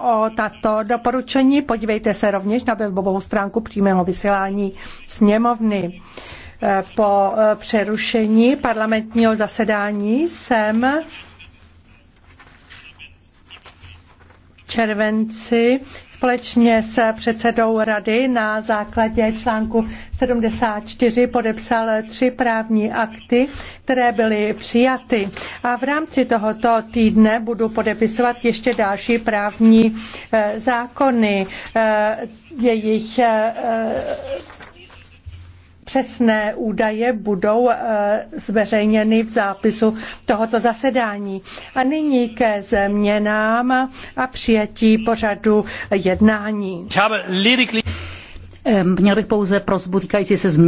o tato doporučení. Podívejte se rovněž na webovou stránku přímého vysílání sněmovny. E, po e, přerušení parlamentního zasedání jsem červenci společně s předsedou rady na základě článku 74 podepsal tři právní akty, které byly přijaty. A v rámci tohoto týdne budu podepisovat ještě další právní eh, zákony. Eh, jejich eh, Přesné údaje budou eh, zveřejněny v zápisu tohoto zasedání. A nyní ke změnám a přijetí pořadu jednání. Eh, měl bych pouze prozbu týkající se změn.